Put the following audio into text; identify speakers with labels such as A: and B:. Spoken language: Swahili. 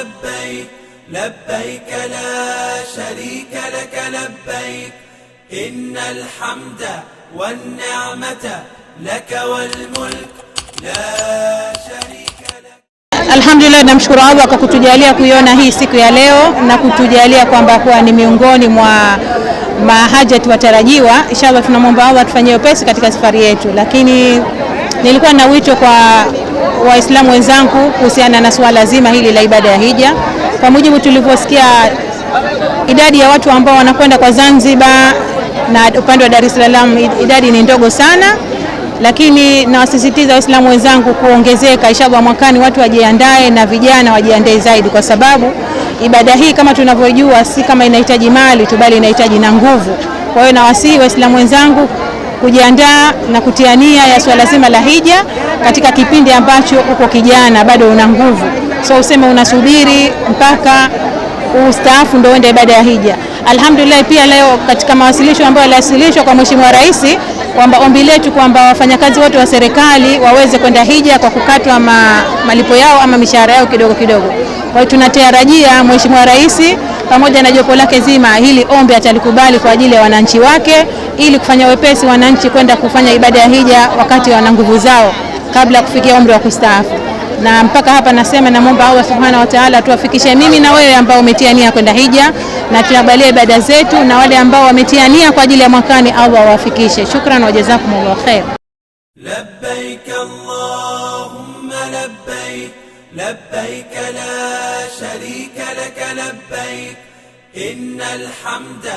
A: لبيك لبيك لا شريك لك لبيك إن الحمد والنعمة لك والملك لا شريك
B: Alhamdulillah, namshukuru Allah kwa kutujalia kuiona hii siku ya leo na kutujalia kwamba kuwa ni miongoni mwa mahajati watarajiwa. Inshallah, tunamwomba Allah atufanyie upesi katika safari yetu, lakini nilikuwa na wito kwa Waislamu wenzangu kuhusiana na suala zima hili la ibada ya hija. Kwa mujibu tulivyosikia, idadi ya watu ambao wanakwenda kwa Zanzibar na upande wa Dar es Salaam idadi ni ndogo sana, lakini nawasisitiza Waislamu wenzangu kuongezeka inshallah mwakani, watu wajiandae na vijana wajiandae zaidi, kwa sababu ibada hii kama tunavyojua si kama inahitaji mali tu, bali inahitaji na nguvu. Kwa hiyo nawasihi Waislamu wenzangu kujiandaa na kutia nia ya swala zima la hija katika kipindi ambacho uko kijana bado una nguvu, so useme unasubiri mpaka ustaafu ndio uende ibada ya hija. Alhamdulillah, pia leo katika mawasilisho ambayo yaliwasilishwa kwa Mheshimiwa Rais kwamba ombi letu kwamba wafanyakazi wote wa serikali waweze kwenda hija kwa kukatwa malipo yao ama mishahara yao kidogo kidogo. Kwa hiyo tunatarajia Mheshimiwa Rais pamoja na jopo lake zima, hili ombi atalikubali kwa ajili ya wananchi wake, ili kufanya wepesi wananchi kwenda kufanya ibada ya hija wakati wana nguvu zao, kabla ya kufikia umri wa kustaafu. Na mpaka hapa nasema, namwomba Allah subhanahu wa taala tuwafikishe mimi na wewe ambao umetia nia kwenda hija, na tuabalie ibada zetu, na wale ambao wametia nia kwa ajili ya mwakani, Allah wawafikishe. Shukran wa jazakumullahu khair. Labbaik Allahumma labbaik لبيك لا شريك لك لبيك إن الحمد